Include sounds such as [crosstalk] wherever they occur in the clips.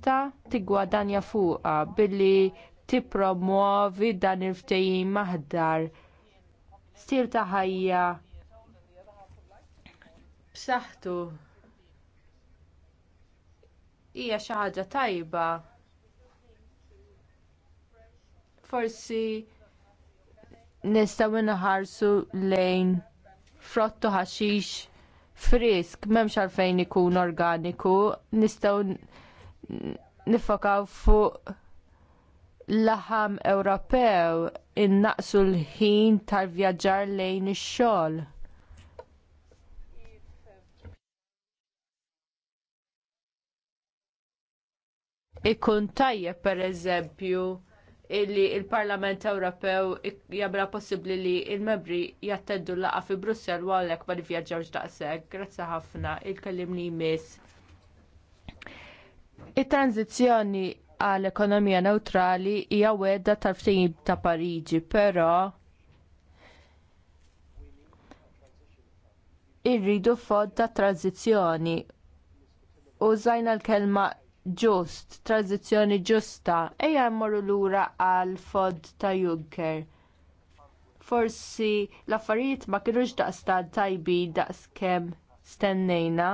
tista' tiggwadanja fuqha billi tippromuovi dan il-ftehim maħdar stil ta' ħajja b'saħħtu hija xi ħaġa tajba. Forsi nistgħu inħarsu lejn frottu ħaxix frisk m'hemmx għalfejn ikun organiku, nistgħu nifokaw fuq l-aħam Ewropew innaqsu l-ħin tal-vjaġġar lejn ix-xogħol. Ikun tajjeb pereżempju illi l il parlament Ewropew jabra possibbli li l membri jattendu laqgħa fi Brussell u għalhekk ma nivvjaġġawx daqshekk. Grazzi ħafna, il-kellimni jmiss. It-tranzizzjoni għal ekonomija neutrali hija wedda tal-ftehim ta' Pariġi, però irridu fod ta' tranzizzjoni. Użajna l-kelma ġust, tranzizzjoni ġusta, ejja mmorru lura għal fod ta' Juncker. Forsi l-affarijiet ma kienux daqstad tajbi daqskemm stennejna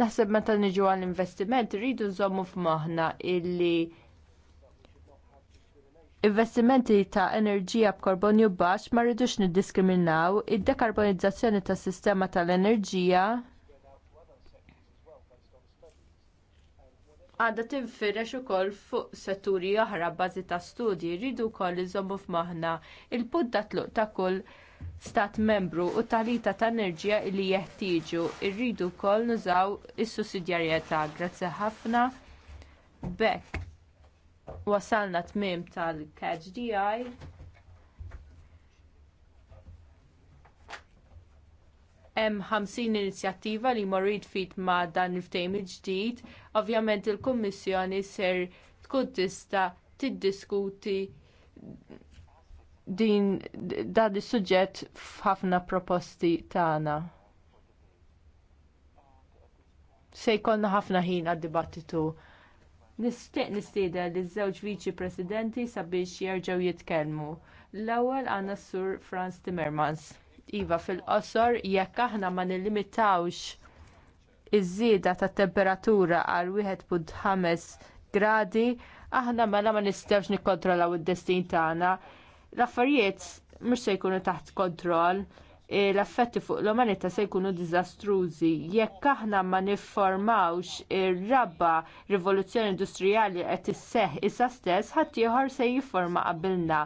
naħseb meta niġu għall-investiment rridu nżommu f'moħħna illi investimenti ta' enerġija b'karbonju baxx ma rridux niddiskriminaw id-dekarbonizzazzjoni tas-sistema tal-enerġija għadha tinfirex ukoll fuq setturi oħra bbażi ta' studji jridu wkoll iżommu f'maħna il punta tluq ta' kull stat membru u talita ta' enerġija li jeħtieġu rridu wkoll nużaw is-sussidjarjetà grazzi ħafna b'hekk wasalna tmiem tal-catch DI hemm 50 inizjattiva li morrid fit ma' dan il ftejm il-ġdid. Ovvjament il-Kummissjoni ser tkun tista' tiddiskuti din dan is-suġġett f'ħafna proposti tagħna. Se jkollna ħafna ħin għad-dibattitu. Nistieq nistieda li żewġ viċi presidenti sabiex jerġgħu jitkellmu. L-ewwel għandna s-sur Franz Timmermans. Iva fil-qosor jekk aħna ma nillimitawx iż-żieda tat temperatura għal 1.5 gradi, aħna mela ma nistgħux nikkontrollaw id-destin tagħna. L-affarijiet mhux se jkunu taħt kontroll, e, l-affetti fuq l-umanità se jkunu diżastrużi jekk aħna ma nifformawx ir-raba rivoluzzjoni industrijali qed isseħħ issa stess ħadd ieħor se jifforma qabilna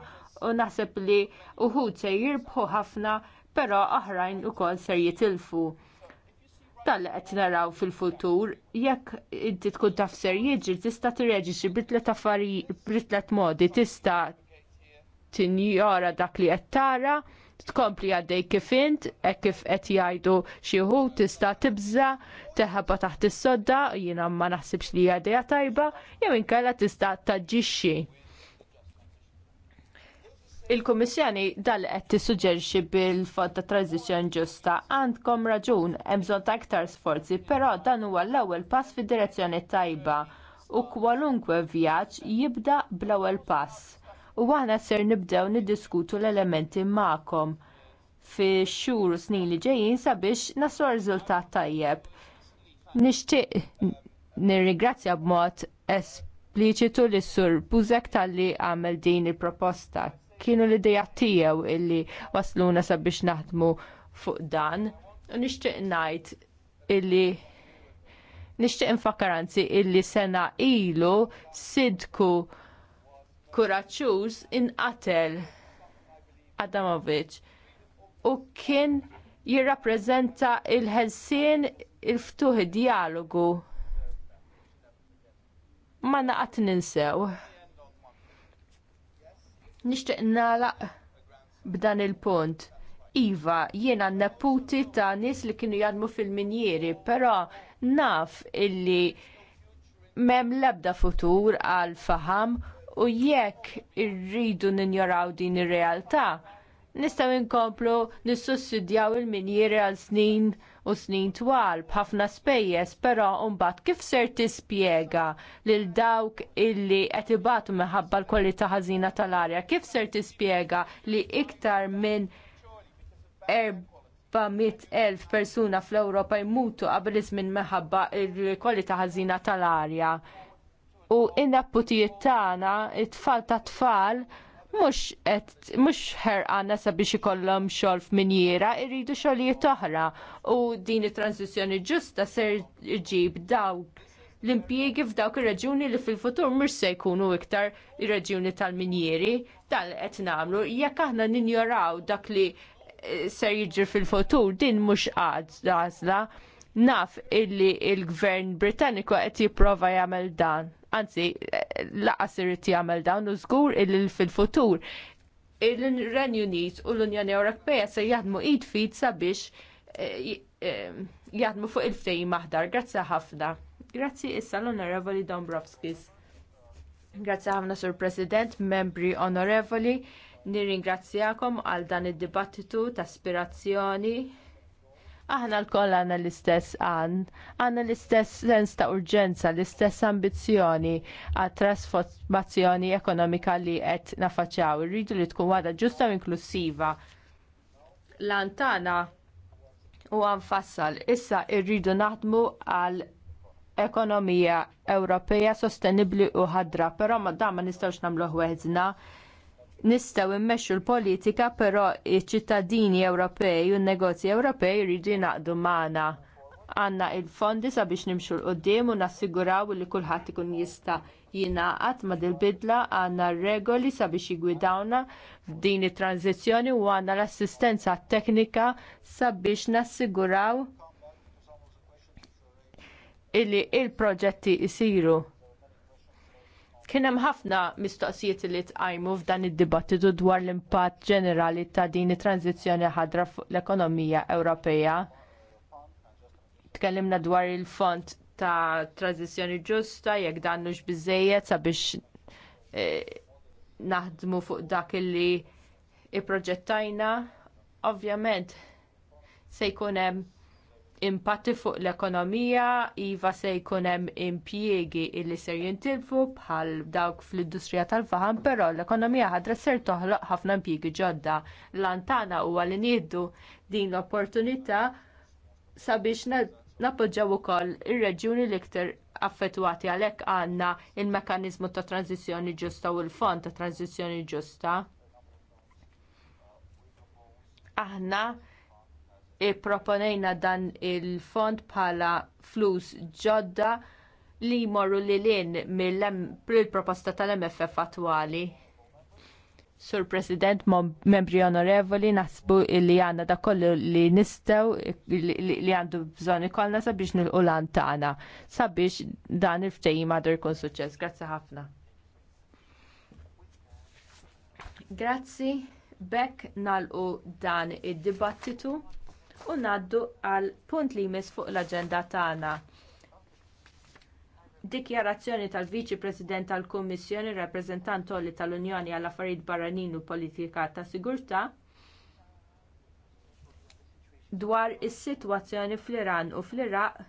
u naħseb li uħud se jirbħu ħafna però aħrajn ukoll ser jitilfu. Tal qed naraw fil-futur, jekk inti tkun taf ser jiġri tista' tirreġistri bitlet affarijiet bitlet modi tista' tinjora dak li qed tara, tkompli għaddej kif int, hekk kif qed jgħidu xi wħud tista' tibża, teħabba taħt is-sodda, jiena ma naħsibx li hija idea tajba, jew inkella tista' taġġixxi il-Kummissjoni dal qed tissuġġerixxi bil-fond ta' tranzizzjoni ġusta għandkom raġun hemm bżonn ta' iktar sforzi, però dan huwa l-ewwel pass fid-direzzjoni tajba u kwalunkwe vjaġġ jibda bl-ewwel pass. U aħna ser nibdew niddiskutu l-elementi magħkom fi xhur u snin li ġejjin sabiex naslu riżultat tajjeb. Nixtieq nirringrazzja b'mod espliċitu lis sur Buzek talli għamel din il-proposta kienu l-ideja tiegħu illi wasluna sabiex naħdmu fuq dan. U nixtieq ngħid illi nixtieq infakaranzi illi sena ilu sidku kuraċċuż inqatel Adamovic u kien jirrappreżenta il-ħelsien il-ftuħ dialogu ma naqat ninsew. Nixtieq nagħlaq b'dan il-punt. Iva, jiena neputi ta' nies li kienu jadmu fil-minjeri, però naf illi mem labda futur għal faham u jekk irridu ninjoraw din ir-realtà, nistgħu nkomplu nissussidjaw il-minjeri għal snin u snin twal b'ħafna spejjeż, però mbagħad kif ser tispjega lil dawk illi qed ibatu minħabba l-kwalità ħażina tal-arja, kif ser tispjega li iktar minn elf persuna fl-Ewropa jmutu qabel iż-żmien minħabba l-kwalità ħażina tal-arja. U inna putijiet tagħna, it-tfal ta' tfal, mux et, mux ħerqana sabiex ikollhom xogħol f'minjera, irridu xogħlijiet oħra u din it-tranzizzjoni ġusta ser iġib dawk l-impjiegi f'dawk ir-reġjuni li fil-futur mhux se jkunu iktar ir-reġjuni tal-minjieri tal qed nagħmlu jekk aħna ninjoraw dak li eh, ser jiġri fil-futur din mhux għażla naf illi l il gvern Britanniku qed jipprova jagħmel dan anzi laqas irrid jagħmel dawn u żgur fil-futur il-Renju Unit u l-Unjoni Ewropea se jaħdmu id fit sabiex eh, eh, jaħdmu fuq il ftej maħdar. Grazzi ħafna. Grazzi issa l-Onorevoli Dombrovskis. Grazzi ħafna Sur President, membri onorevoli, nirringrazzjakom għal dan id-dibattitu ta' aspirazzjoni Aħna l-koll għanna l-istess għan, għanna l-istess sens ta' urġenza, l-istess ambizjoni għat trasformazzjoni ekonomika li qed nafaċaw. Irridu li tkun għada ġusta u inklusiva. Lantana u għanfassal, issa irridu naħdmu għal ekonomija Ewropeja sostenibli u ħadra, pero ma da ma nistawx namluħ weħzna nistgħu immexxu l-politika però iċ-ċittadini Ewropej u n-negozji Ewropej jridu jnaqdu magħna għandna l fondi sabiex nimxu l-qoddim u nassiguraw li kulħadd ikun jista' jingħaqad ma' dil-bidla għandna regoli sabiex jigwidawna f'din it-tranzizzjoni u għandna l-assistenza teknika sabiex nassiguraw illi il-proġetti jsiru Kien hemm ħafna mistoqsijiet li tqajmu f'dan id-dibattitu dwar l-impatt ġenerali ta' din it-tranzizzjoni ħadra fuq l-ekonomija Ewropea. Tkellimna dwar il-font ta' tranzizzjoni ġusta, jekk dan mhux biżejjed sabiex e, naħdmu fuq dak li iproġettajna, ovvjament se jkun hemm impatti fuq l-ekonomija, iva se jkun hemm impjiegi illi ser jintilfu bħal dawk fl-industrija tal-faħam, però l-ekonomija ħadra ser toħloq ħafna impjiegi ġodda. Lantana huwa li nieħdu din l-opportunità sabiex nappoġġaw ukoll ir-reġjuni l-iktar affettwati għalhekk għandna il-mekkaniżmu ta' tranzizzjoni ġusta u l-fond ta' tranzizzjoni ġusta. Aħna ipproponejna dan il-fond bħala flus ġodda li jmorru lilin mill-proposta tal-MFF attwali. Sur President, membri onorevoli, naħsbu li għandna da kollu li nistgħu li għandu bżonn ikollna sabiex nilqu lan tagħna sabiex dan il-ftehim għadu jkun suċċess. Grazzi ħafna. Grazzi, bekk nalqu dan id-dibattitu u ngħaddu għal punt li jmiss fuq l-aġenda tagħna. Dikjarazzjoni tal-Viċi President tal-Kummissjoni Rappreżentant tal-Unjoni għall affarijiet Barranin u Politika ta' Sigurtà dwar is-sitwazzjoni fl-Iran u fl-Iraq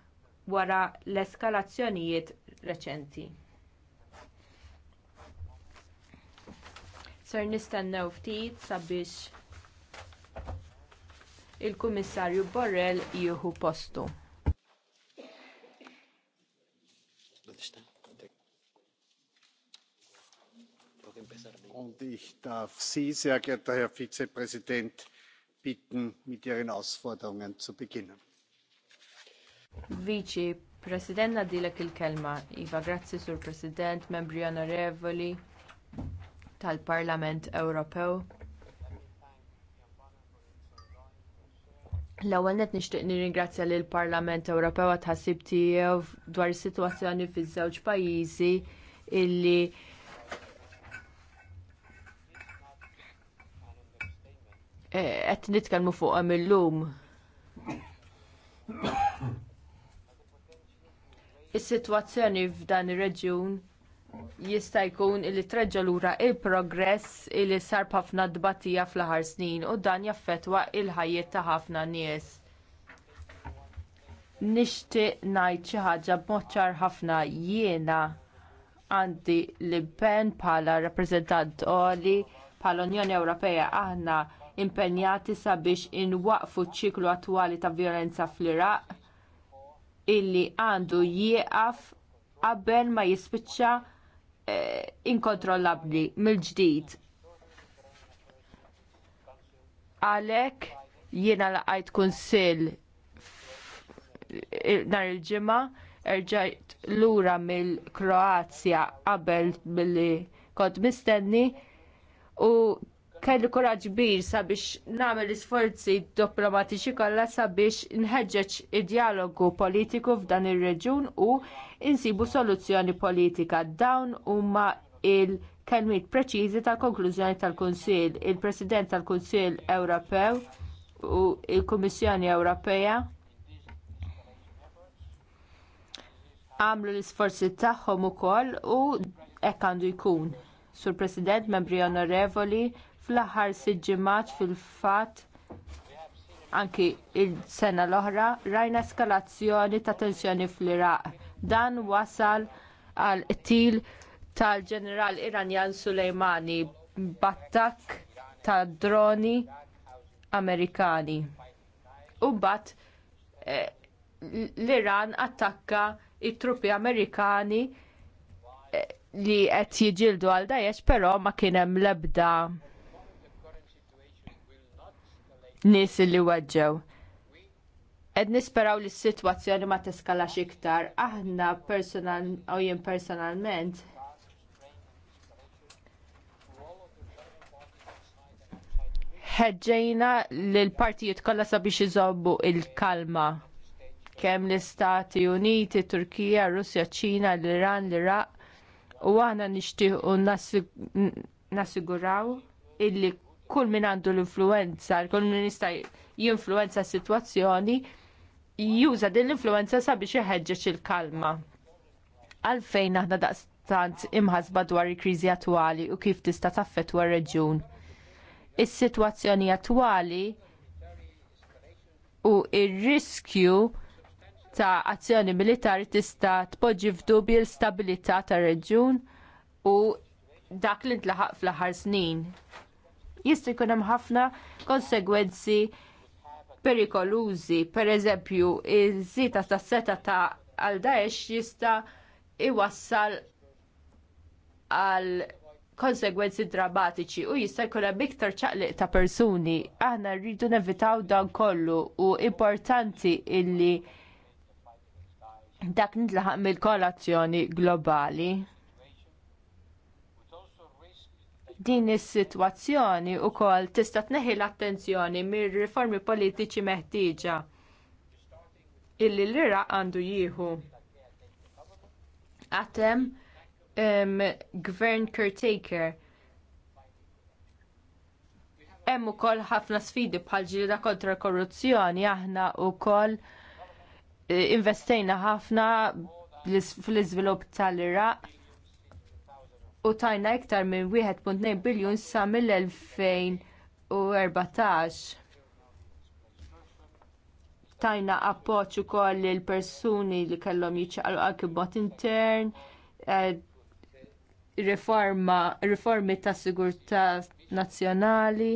wara l-eskalazzjonijiet reċenti. Ser nistennew ftit sabiex il-Kummissarju Borrell jieħu postu. Und ich darf Sie, sehr geehrter Herr Vizepräsident, bitten, mit Ihren Ausforderungen zu beginnen. Viċi President nadilek il-kelma. Iva, grazzi Sur President, membri onorevoli tal-Parlament Ewropew. L-ewwel nett nixtieq nirringrazzja lill Parlament Ewropew għat ħassib tiegħu dwar is-sitwazzjoni fiż-żewġ pajjiżi illi eh, qed nitkellmu fuqhom illum. Is-sitwazzjoni f'dan ir-reġjun jista' jkun li treġġa' lura l progress li sar ħafna dbatija fl-aħħar snin u dan jaffettwa l ħajjiet ta' ħafna nies. Nixtieq ngħid xi ħaġa b'mod ċar ħafna jiena għandi l-impenn bħala rappreżentant oli bħala Unjoni Ewropea aħna impenjati sabiex inwaqfu ċ-ċiklu attwali ta' vjolenza fl-Iraq illi għandu jieqaf qabel ma jispiċċa Eh, inkontrollabbli mill-ġdid. Għalhekk jiena laqajt kunsill eh, nhar il-ġimgħa erġajt lura mill-Kroazja qabel billi kont mistenni u kelli kuraġġ kbir sabiex nagħmel isforzi diplomatiċi kollha sabiex nħeġġeġ id-dialogu politiku f'dan ir-reġjun u insibu soluzzjoni politika. Dawn huma il kelmiet preċiżi tal-konklużjoni tal-Kunsill. Il-President tal-Kunsill Ewropew u l kummissjoni Ewropea għamlu l-isforzi tagħhom ukoll u hekk għandu jkun. Sur President, membri onorevoli, fl-aħħar sitt ġimgħat fil-fatt anki s sena l-oħra rajna eskalazzjoni ta' tensjoni fl-Iraq. Dan wasal għal til tal-ġeneral Iranjan Sulejmani b'attakk ta' droni Amerikani. U bat eh, l-Iran attakka t truppi Amerikani eh, li qed jiġildu għal Daesh però ma kien hemm l-ebda nies li weġġew. Ed nisperaw li s-sitwazzjoni ma teskalax iktar, aħna personal u jien personalment ħeġġejna lill partijiet kollha sabiex iżobbu l kalma Kemm l-Istati Uniti, Turkija, Russja, Ċina, l-Iran, l-Iraq u aħna nixtiequ nassiguraw illi kull min għandu l-influenza, kull min jista' jinfluenza s-sitwazzjoni, juża din l-influenza sabiex iħeġġeġ il-kalma. Għalfejn aħna daqstant imħasba dwar il-kriżi attwali u kif tista' taffettwa r-reġjun. Is-sitwazzjoni attwali u il riskju ta' azzjoni militari tista' tpoġġi fdubi l-stabilità tar reġjun u dak li ntlaħaq fl-aħħar snin jista' jkun hemm ħafna konsegwenzi perikolużi. Pereżempju, iż-żita tas seta ta' għal Daesh jista' iwassal għal konsegwenzi drammatiċi u jista' jkun hemm iktar ċaqliq ta' persuni. Aħna rridu nevitaw dan kollu u importanti illi dak nitlaħaq mill-kolazzjoni globali. din is-sitwazzjoni wkoll tista' tneħħi l-attenzjoni mir-riformi politiċi meħtieġa illi l-Iraq għandu jieħu. Għatem gvern caretaker hemm ukoll ħafna sfidi bħal ġlieda kontra korruzzjoni aħna wkoll eh, investejna ħafna fl-iżvilupp tal-Iraq u tajna iktar minn 1.2 biljun sa mill-2014. Tajna appoġġ ukoll il persuni li kellhom jiċċaqalqu għal bot intern, eh, riforma, riformi ta' sigurtà nazzjonali.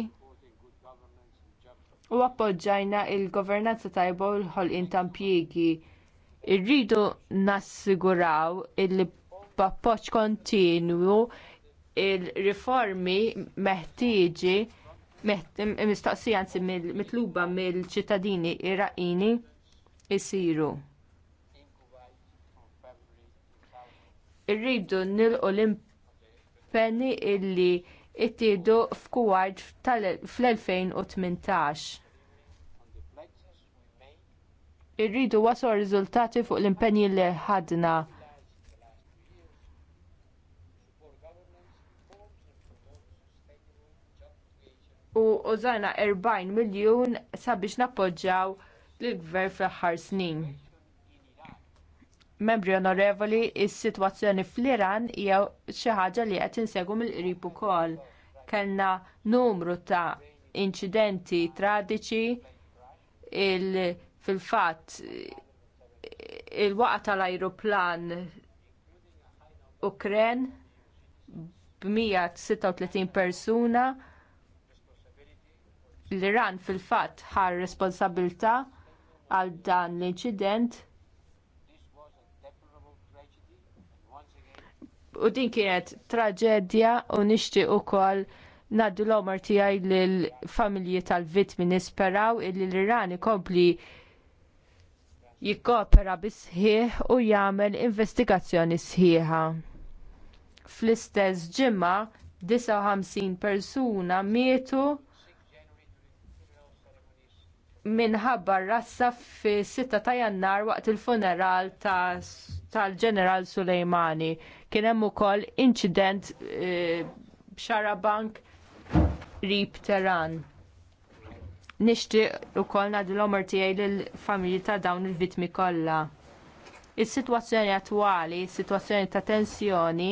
U appoġġajna l governanza tajba u l-ħolqien ta' impjiegi. Irridu nassiguraw illi b'appoġġ kontinwu il-riformi meħtieġi mistaqsija anzi mitluba mill-ċittadini Iraqini jsiru. Irridu nilqu l-impenni illi ittiedu f'kuwaġ fl-2018 irridu waslu riżultati fuq l-impenji li ħadna u użajna 40 miljun sabiex nappoġġjaw lill-gvern fl-aħħar snin. Membri onorevoli, is-sitwazzjoni fl-Iran hija xi ħaġa li qed insegu mill-qrib ukoll. Kellna numru ta' inċidenti tragiċi fil-fatt il-waqa tal-ajruplan Ukren b-136 persuna l-Iran fil-fatt ħar responsabilta għal dan l-inċident u din kienet traġedja u nixtieq ukoll ngħaddu l-omar tiegħi lill-familji tal-vittmi nisperaw illi l-Iran ikompli jikkopera bi sħiħ u jagħmel investigazzjoni sħiħa. Fl-istess ġimgħa 59 persuna mietu minħabba rassa fi 6 ta' jannar waqt il-funeral tal-ġeneral ta Sulejmani. Kien hemm ukoll inċident b'xarabank eh, rib Teran. Nixtieq ukoll nagħdi l-omor tiegħi lill-familji ta' dawn il-vittmi kollha. Is-sitwazzjoni attwali, is-sitwazzjoni ta' tensjoni,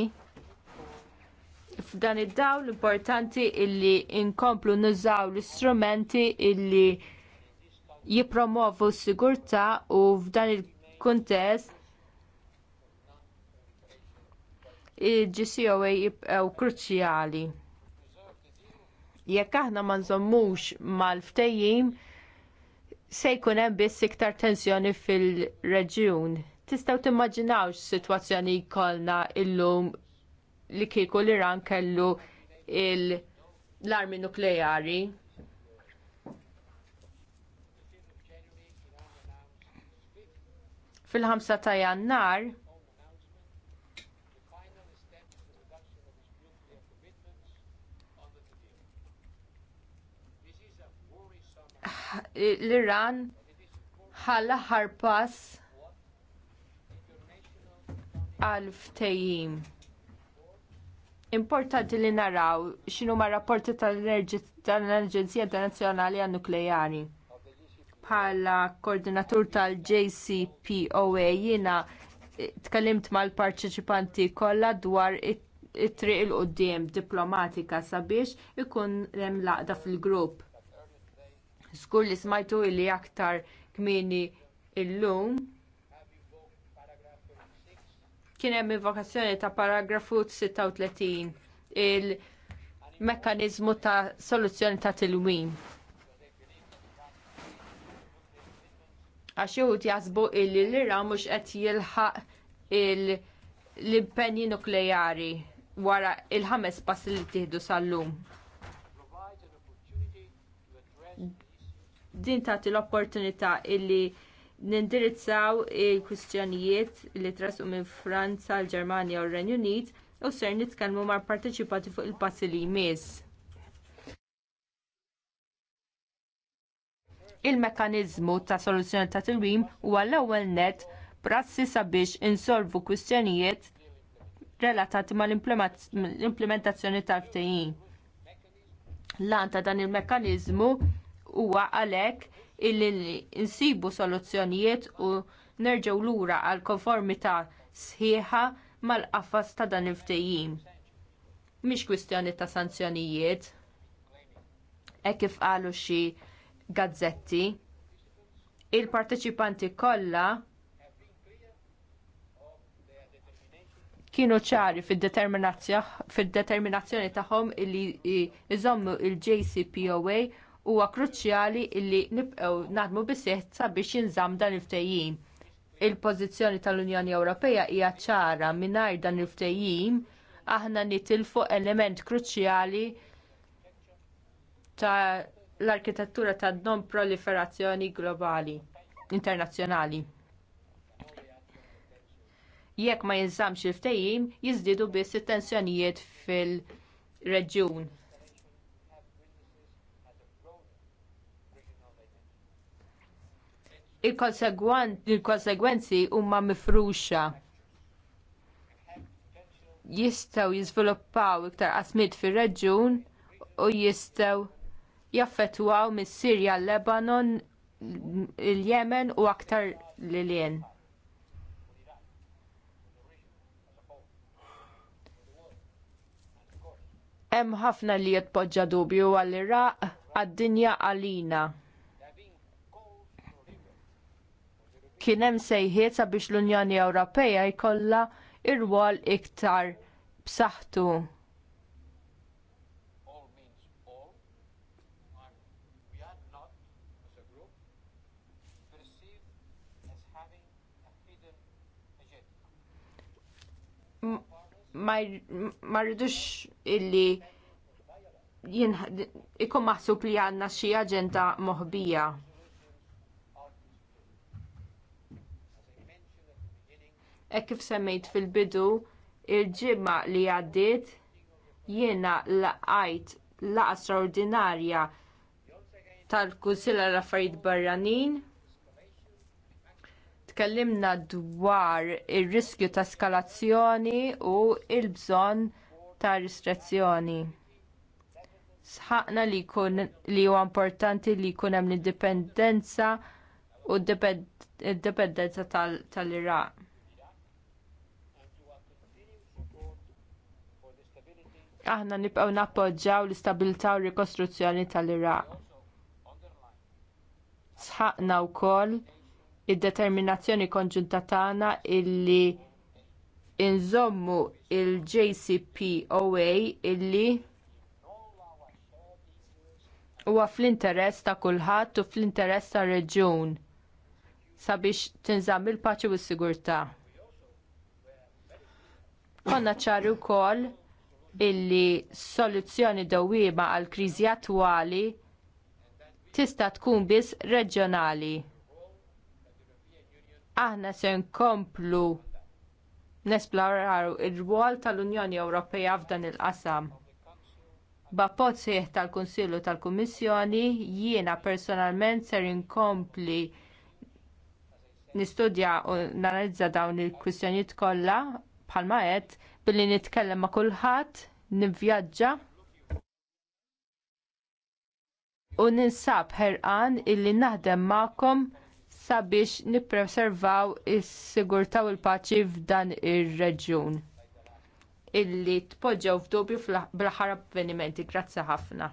f'dan id-dawl l importanti illi inkomplu nużaw l-istrumenti illi jipromovu s-sigurtà u f'dan il-kuntest il-GCOA jibqgħu kruċjali. Jekk aħna ma nżommux mal-ftejjim, se jkun hemm biss iktar tensjoni fil-reġjun. Tistgħu timmaġinaw sitwazzjoni jkollna illum li kieku l-Iran kellu l-armi nukleari fil-5 ta' jannar l-Iran ħalla ħarpas għal ftehim Importanti li naraw x'inhuma rapporti tal tal-tal-enerġenzija Internazzjonali għan-Nukleari bħala koordinatur tal-JCPOA jiena eh, tkellimt mal-parċiċipanti kollha dwar it-triq il qudiem diplomatika sabiex ikun hemm laqda fil-grupp. Skur li smajtu li aktar kmieni illum kien hemm invokazzjoni ta' paragrafu 36 il mekkaniżmu ta' soluzzjoni ta' tilwim. għax jħut jasbu illi l ira mux qed jilħaq l-impenji nukleari wara il-ħames pas li tiħdu sal-lum. Din tagħti l-opportunità illi nindirizzaw il-kwistjonijiet li trasu minn Franza, l-Ġermanja u r-Renju Unit u ser nitkellmu mal partecipati fuq il-passi li jmiss. il-mekanizmu ta' soluzzjoni ta' tilwim huwa l-ewwel net prassi sabiex insolvu kwistjonijiet relatati mal implementazzjoni tal-ftehim. l għan ta' dan il-mekanizmu huwa għalhekk illi insibu soluzzjonijiet u nerġgħu lura għal konformità sħiħa mal-qafas ta' dan il-ftehim. Mhix kwistjoni ta' sanzjonijiet, hekk kif qalu xi gazzetti il-parteċipanti kollha kienu ċari fid-determinazzjoni tagħhom li iżommu l jcpoa huwa kruċjali li nibqgħu naħdmu bisih sabiex jinżamm dan il-ftehim. Il-pożizzjoni tal-Unjoni Ewropea hija ċara mingħajr dan il-ftehim aħna nitilfu element kruċjali ta' l-arkitettura ta' non-proliferazzjoni globali, internazzjonali. Jekk ma jinżamx il-ftejjim, jiżdiedu biss it-tensjonijiet fil-reġjun. Il-konsegwenzi huma mifruxa jistgħu jiżviluppaw iktar qasmiet fir-reġjun u jistgħu jaffettwaw mis-Sirja, l-Lebanon, il-Yemen u aktar lilien. Hemm ħafna li jitpoġġa dubju għall-Iraq għad-dinja għalina. Kien hemm sejħiet sabiex l-Unjoni Ewropea jkollha ir-rwol iktar b'saħħtu. ma rridux illi ikun maħsub li għandna xi aġenda moħbija. E kif semmejt fil-bidu, il-ġimma li għaddiet jiena laqajt laqa straordinarja tal kunsilla l affarijiet Barranin tkellimna dwar ir-riskju ta' skalazzjoni u l bżonn ta' ristrazzjoni. Sħaqna li kun li huwa importanti li jkun hemm indipendenza u dipendenza tal-Iraq. Tal aħna nibqgħu nappoġġjaw l-istabilità u r rikostruzzjoni tal-Iraq. Sħaqna wkoll id-determinazzjoni konġunta tagħna illi inżommu l jcpoa illi huwa fl-interess ta' kulħadd u fl-interess tar reġjun sabiex tinżamm il-paċi u s-sigurtà. Konna ċari wkoll illi soluzzjoni dewwiema għall kriżi attwali tista' tkun biss reġjonali. Aħna se nkomplu nesploraw ir-rwol tal-Unjoni Ewropea f'dan il-qasam. B'appoġġ sieħ tal u tal-Kummissjoni, jiena personalment ser inkompli nistudja u nanalizza dawn il-kwistjonijiet kollha bħalma qed billi nitkellem ma' kulħadd, nivvjaġġa u ninsab ħerqan illi naħdem magħkom sabiex nippreservaw is-sigurtà u l-paċi f'dan ir-reġjun illi tpoġġew f'dubju bl-aħħar avvenimenti. Grazzi ħafna.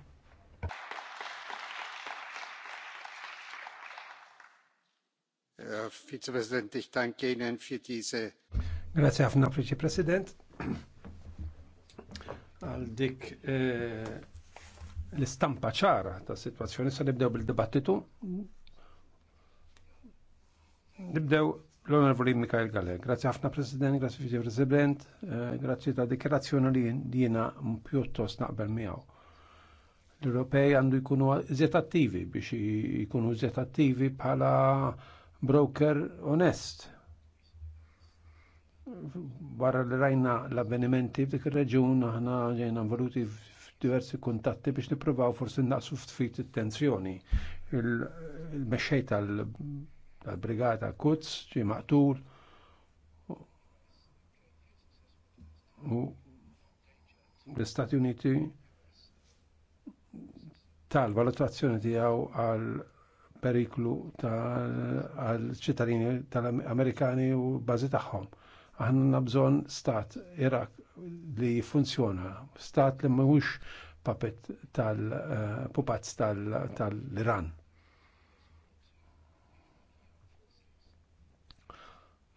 Vice-President, ich danke Ihnen für diese. Grazie ħafna, Vice-President. Al dik eh, l-istampa ċara ta' situazzjoni, sa' nibdew bil-dibattitu, Nibdew l-Onorevoli Mikael Galle. Grazie ħafna President, grazie Vice President, eh, grazie ta' dikerazzjoni li jiena pjuttost naqbel miegħu. L-Ewropej għandu jkunu iżjed attivi biex jkunu iżjed attivi bħala broker onest. Barra li rajna l-avvenimenti f'dik ir-reġun aħna ġejna involuti f'diversi kuntatti biex nippruvaw forsi naqsu ftit it-tensjoni. Il-mexxej tal tal-Brigata Kutz ġi maqtul u l-Istati Uniti tal-valutazzjoni tiegħu għal periklu tal-ċittadini tal-Amerikani u bażi tagħhom. Aħna bżonn stat Irak li funzjona, stat li mhux papet tal-pupazz eh, tal-Iran. Tal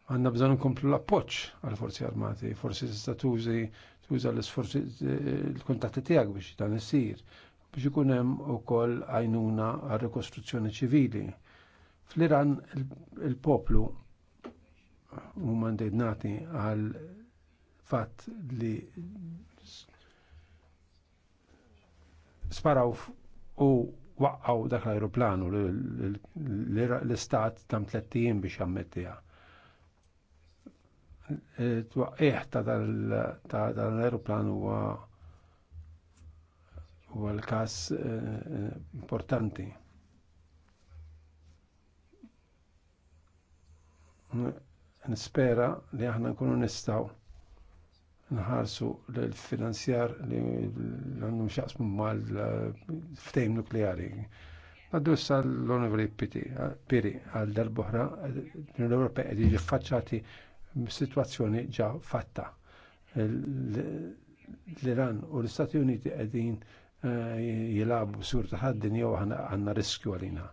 Għanna bżon nkomplu l-appoċ għal-forzi armati, forsi tista' tużi tuża l-isforzi l-kuntatti tiegħek biex dan isir biex ikun hemm ukoll għajnuna għal rikostruzzjoni ċivili. Fl-Iran il-poplu huma ndejnati għal fatt li sparaw u waqqaw dak l-aeroplanu l-istat tam tlettijin biex jammettiha twaqqiħ ta' dan l-aeroplan huwa huwa l-każ eh, importanti. Nispera li aħna nkunu nistgħu nħarsu l-finanzjar li għandhom xaqsmu mal ftejm nukleari. Għaddu l-Onorevoli Piri għal darbohra l-Europa għedi ġiffaċċati situazzjoni ġa fatta. L-Iran u l-Istati Uniti qegħdin eh, jilabu sur taħaddin jew għandna riskju għalina.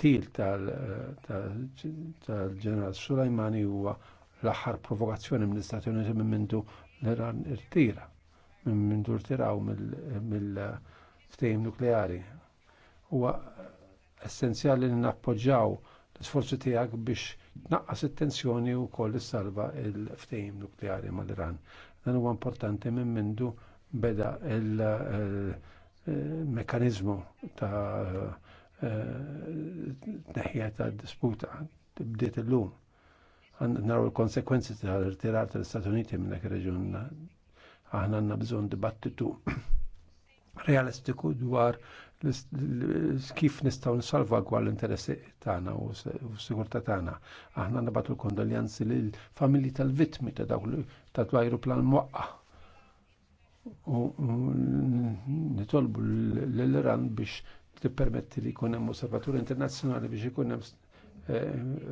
Til tal-ġeneral Sulajmani huwa l-aħħar provokazzjoni mill-Istati Uniti minn mindu l-Iran irtira, minn mindu rtiraw mill-ftehim nukleari. Huwa essenzjali li nappoġġaw l-isforzi tiegħek biex naqqas it-tensjoni u koll salva il-ftejim nukleari mal-Iran. Dan huwa importanti minn mindu beda il-mekanizmu eh, eh, ta' eh, neħja ta' disputa bdiet il-lum. Naraw il-konsekwenzi ta' tal-irtirar tal-Stati Uniti minn dak il reġjun aħna għanna bżon dibattitu [clears throat] realistiku dwar kif nistaw nsalvagwa l-interessi tagħna u s-sigurtà tagħna. Aħna nabatu l-kondoljanzi lil familji tal-vittmi ta' dawk ta' l plan mwaqqa. U nitolbu l-Iran biex tippermetti li jkun hemm osservatur internazzjonali biex ikun hemm e,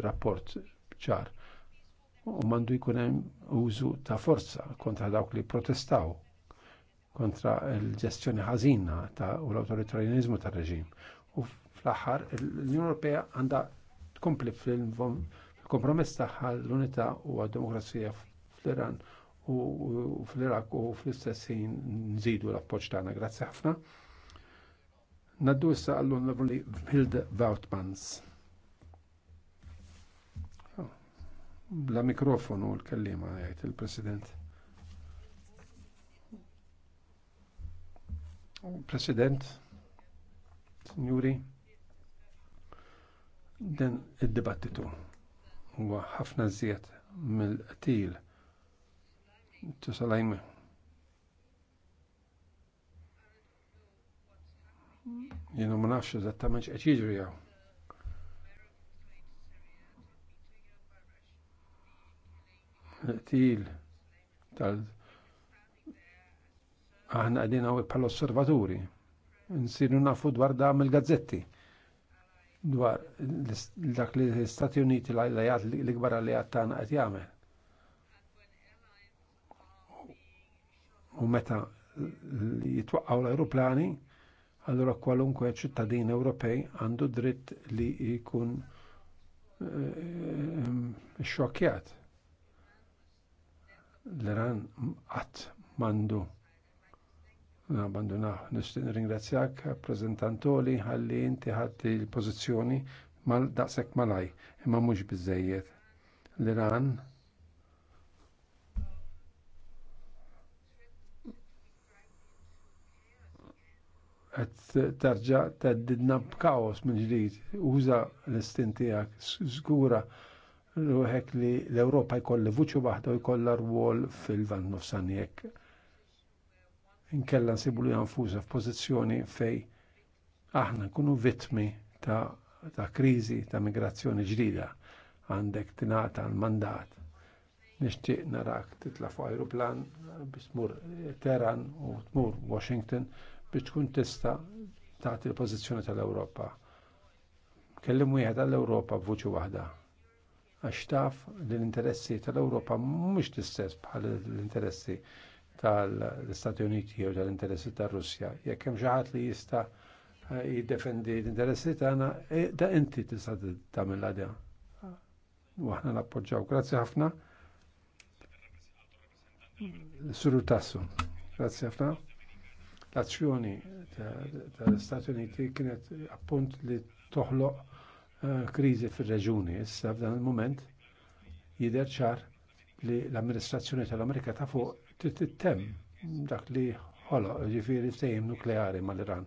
rapport ċar. U mandu jkun hemm użu ta' forza kontra dawk li protestaw kontra l-ġestjoni ħażina ta' u l-autoritarianizmu tar reġim U fl-aħħar l-Unjoni Ewropea għandha tkompli fil-kompromess tagħha l-unità u għad-demokrazija fl-Iran u fl-Iraq u fl istessin nżidu l-appoġġ tagħna. Grazzi ħafna. Naddu issa għall-Onorevoli Hilde Vautmans. Oh, bla mikrofonu l-kellima jgħid il-President. President, Signori, den il dibattitu huwa ħafna żjed mill-qtil Tusalajm jenu ma nafx eżattament x'qed jiġri il Qtil tal- Aħna għedin għaw bħal osservaturi. Nsiru nafu dwar da mill-gazzetti. Dwar dak li l-Stati Uniti l-għajat l-gbar għajat ta' għet jgħamil. U meta jitwaqqaw l-aeroplani, għallura kwalunkwe ċittadin Ewropej għandu dritt li jkun eh, xokjat. L-Iran għat mandu Abbandunaw. nistin ringrazzjak, prezentantoli, għalli inti ħatti il-pozizjoni mal daqsek malaj, imma mhux biżejjed. L-Iran tarġa t teddidna b'kaos minn ġdid, uża l-istin tiegħek, żgura ruħek li l-Ewropa jkolli vuċu waħda u jkollha rwol fil-vant inkella nsibu li għanfuza f'pożizzjoni fej aħna nkunu vittmi ta', ta krizi ta' migrazzjoni ġdida għandek tinata l mandat nishtiq narak titla fuq aeroplan bismur Teran u tmur Washington biex tkun tista tagħti l-pożizzjoni tal-Ewropa. Kellim wieħed għall-Ewropa b'vuċi waħda. Għax taf li l-interessi tal-Ewropa mhux l-istess bħal l-interessi tal-Istati Uniti jew tal-interessi tar-Russja. Jekk hemm xi ħadd li jista' jiddefendi l-interessi tagħna, e, da inti tista' tagħmilha da. U aħna nappoġġaw. Grazzi ħafna. Suru tassu. Grazzi ħafna. L-azzjoni tal-Istati Uniti kienet appunt li toħloq eh, kriżi fir-reġuni. Issa f'dan il-moment jidher ċar li l-amministrazzjoni tal-Amerika ta' fuq tittem dak li ħolo ġifiri sejm nukleari mal-Iran.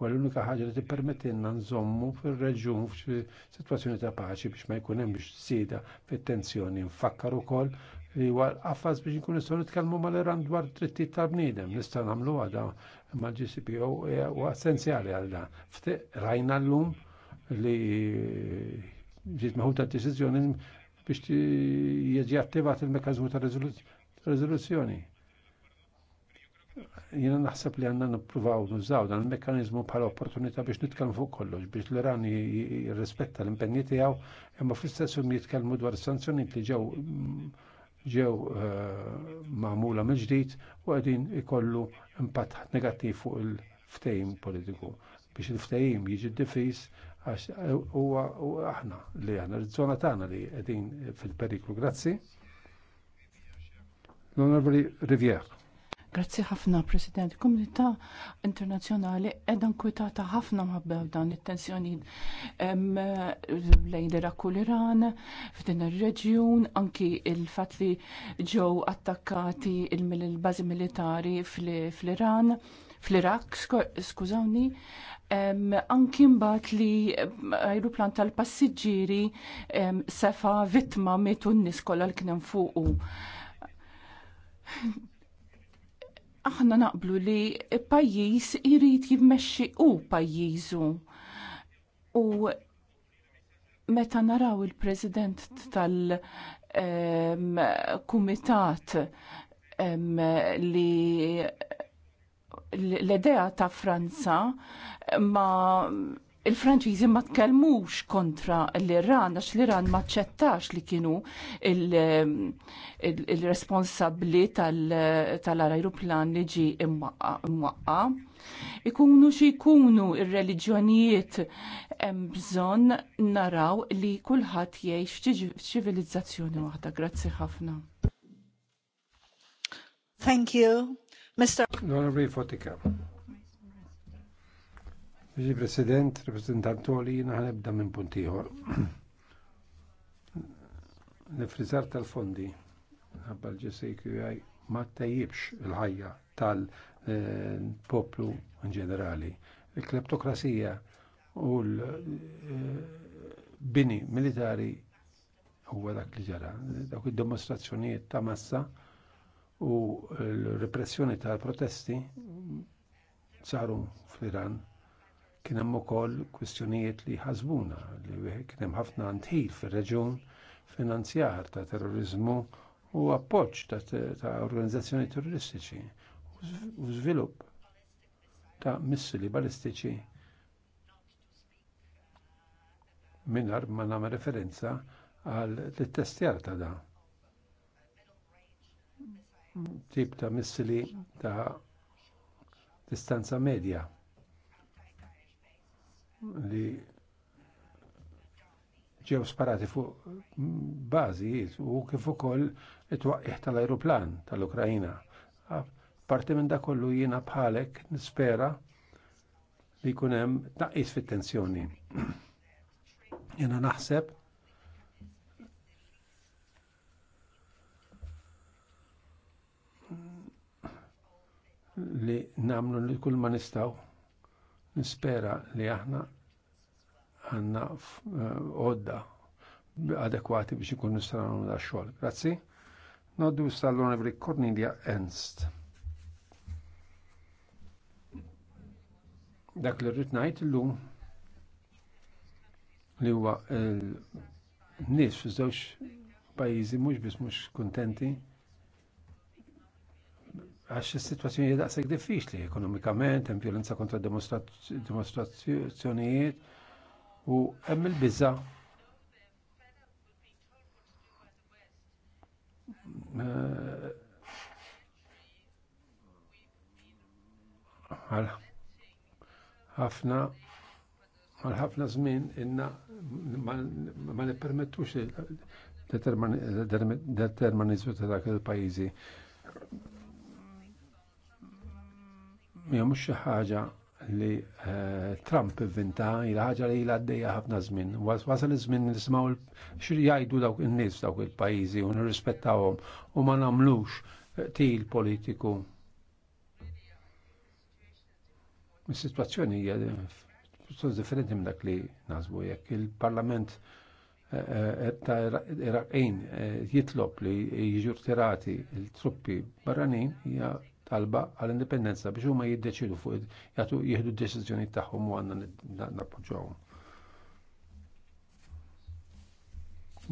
U l-unika ħagġa li t tippermettilna nżommu fil-reġun f-situazzjoni ta' paċi biex ma jkunem biex sida fit-tensjoni. Nfakkar ukoll li għal għaffaz biex nkun nistgħu nitkellmu mal-Iran dwar drittijiet ta' bnidem. Nista' nagħmlu għada mal-GCPO e, u essenzjali għal dan. Rajna l-lum li ġiet meħuta deċizjoni biex jieġi attivat il-mekkaniżmu ta' rezoluzjoni. Jiena naħseb li għandna nippruvaw nużaw dan il-mekkanizmu bħala opportunità biex nitkellmu fuq kollox, biex l-Iran jirrispetta l-impenni tiegħu, imma fl-istessum jitkellmu dwar sanzjonijiet li ġew ġew eh, magħmula mill-ġdid u qegħdin ikollu impatt negattiv fuq il ftejim politiku. Biex il-ftehim jiġi diffiż għax eh, huwa aħna li aħna l-żona tagħna li qegħdin fil-periklu. Grazzi. L-Onorevoli Rivière. Grazzi ħafna, President. Komunità internazzjonali edha nkwitata ħafna mħabba dan it-tensjoni lejn Iraq u l-Iran, f'din ir-reġjun, anki il-fatt li ġew attakkati il-bażi militari fl-Iran fl iraq skużawni, anki mbagħad li ajruplan tal-passiġġieri sefa vittma mietu n-nies kollha li kien fuqu aħna naqblu li pajjiż irid jimmexxi u pajjiżu. U meta naraw il-President tal-Kumitat li l-idea ta' Franza ma' il-Franċiżi ma tkellmux kontra l-Iran, għax l-Iran ma ċettax li kienu ehm, il-responsabli tal-aeroplan li ġi imwaqqa. Ikunu xi jkunu reliġjonijiet hemm bżonn naraw li kulħadd jiex ċivilizzazzjoni waħda. Grazzi ħafna. Thank you. Mr. Honorary Fotika. Viċi President, Reprezentant għoli, jina ħanibda minn puntiħor. l [clears throat] tal-fondi, għabba l ma tajibx il-ħajja tal-poplu in ġenerali. Il-kleptokrasija u l-bini militari huwa dak li ġara. Dak id-demonstrazzjonijiet ta' massa u l-repressjoni tal-protesti saru fl-Iran Kien hemm ukoll kwistjonijiet li ħażbuna li kien hemm ħafna antħil fir-reġun finanzjar ta' terrorizmu u appoġġ ta', ta organizzazzjoni terroristiċi u żvilupp ta' missili balistiċi mingħajr ma nagħmel referenza għal testjar ta' da. Tip ta' missili ta' distanza medja li ġew sparati fuq bażi u kif ukoll it-twaqqih tal-ajruplan tal-Ukrajina. Parti minn dak kollu jiena bħalek nispera li jkun hemm tnaqqis fit-tensjoni. [clears throat] Jiena naħseb li namlu li kull ma nistaw Nispera li aħna għanna eh, għodda adekwati biex ikun nistranu da xogħol. Grazzi. Noddu stallone onorevoli Cornelia Ernst. Dak li rrid l-lum li huwa l-nies f'żewġ pajjiżi mhux biss mhux kuntenti għax is-sitwazzjoni daqshekk diffiċli ekonomikament, hemm violenza kontra demonstrazzjonijiet u hemm il-biża għal ħafna għal ħafna żmien inna ma nippermettux determinizmu ta' dak il-pajjiżi Mija mhux xi ħaġa li eh, Trump vinta il ħaġa li għaddejja ħafna żmien. Wasal iż-żmien nismgħu xi dawk in-nies dawk il-pajjiżi u nirrispettawhom u ma nagħmlux eh, til politiku Is-sitwazzjoni hija differenti minn dak li nażbu jekk il-Parlament eh, ta' Iraqin jitlob li jiġu tirati l-truppi barranin hija talba għal indipendenza biex huma jiddeċidu fuq jagħtu jieħdu d-deċiżjoni tagħhom u għandna nappoġġawhom.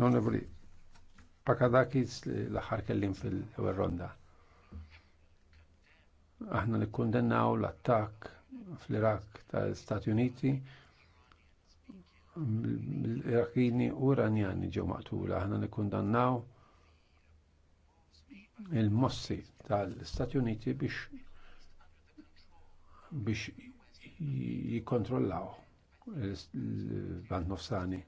Onorevoli Pakadakis l-aħħar kellim fil-ewwel ronda. Aħna li nikkundennaw l-attakk fl-Iraq tal-Stati Uniti l-Iraqini u Iranjani ġew maqtula. Aħna li nikkundannaw il-mossi tal-Stati Uniti biex biex jikontrollaw il-band nofsani.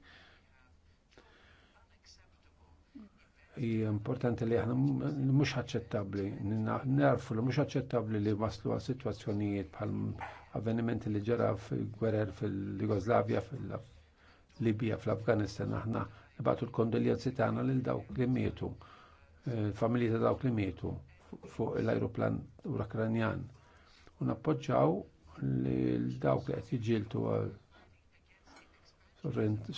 Hija importanti li aħna mhux aċċettabbli, nerfu li mhux aċċettabbli li waslu għal sitwazzjonijiet bħal avvenimenti li ġara fil-gwerer fil-Jugoslavja, fil-Libja, fl-Afganistan, aħna nibatu l-kondoljanzi tagħna lil dawk li mietu familji ta' dawk li mietu fuq l-ajruplan urakranjan u nappoġġaw li l-dawk li qed jiġiltu għal